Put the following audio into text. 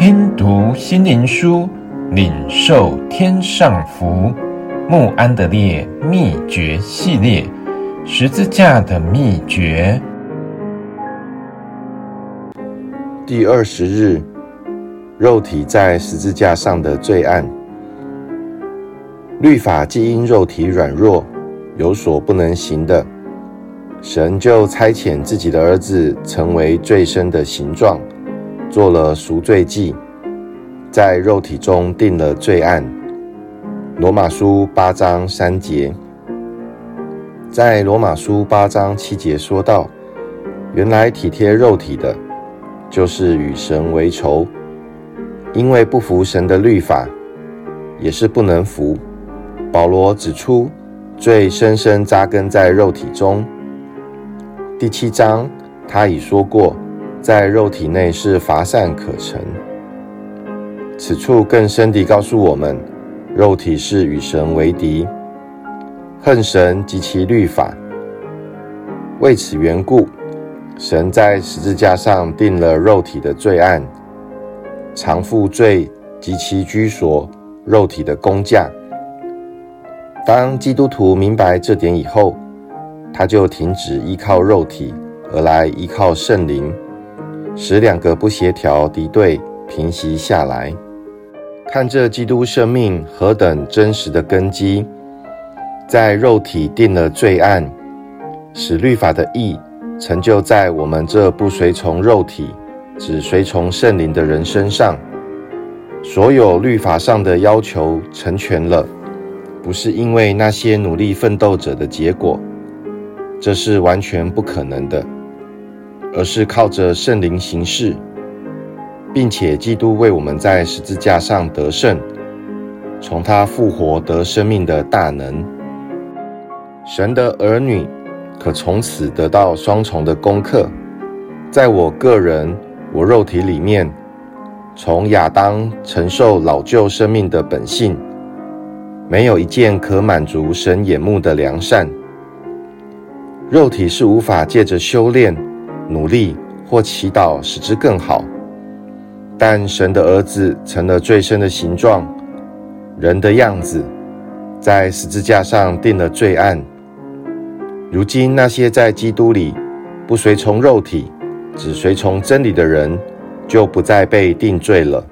聽讀心靈書，領受天上福。慕安德烈秘訣系列，《十字架的秘訣》第二十日：肉體在十字架上的罪案。律法既因肉體軟弱有所不能行的，神就差遣自己的兒子成為罪身的形狀。做了贖罪祭，在肉體中定了罪案。羅馬書八章三節，在羅馬書八章七節說道：“原來體貼肉體的，就是與神為仇，因為不服神的律法，也是不能服。”保羅指出，罪深深紮根在肉體中。第七章他已說過。在肉體內是乏善可陳。此處更深地告訴我們，肉體是與神為敵，恨神及其律法。為此緣故，神在十字架上釘了肉體的罪案，償付罪及其居所，肉體的工價。當基督徒明白這點以後，他就停止依靠肉體，而來依靠聖靈。使兩個不協調敵對平息下來。看這基督生命何等真實的根基，在肉體定了罪案，使律法的義成就在我們這不隨從肉體，只隨從聖靈的人身上，所有律法上的要求成全了，不是因為那些努力奮鬥者的結果，這是完全不可能的。而是靠着聖靈行事，並且基督為我們在十字架上得勝，從祂復活得生命的大能。神的兒女可從此得到雙重的功課。在我個人，我肉體裡面，從亞當承受老舊生命的本性，沒有一件可滿足神眼目的良善，肉體是無法借着修煉。努力或祈禱使之更好，但神的兒子成了罪身的形狀，人的樣子，在十字架上釘了罪案。如今那些在基督裡不隨從肉體，只隨從真理的人，就不再被定罪了。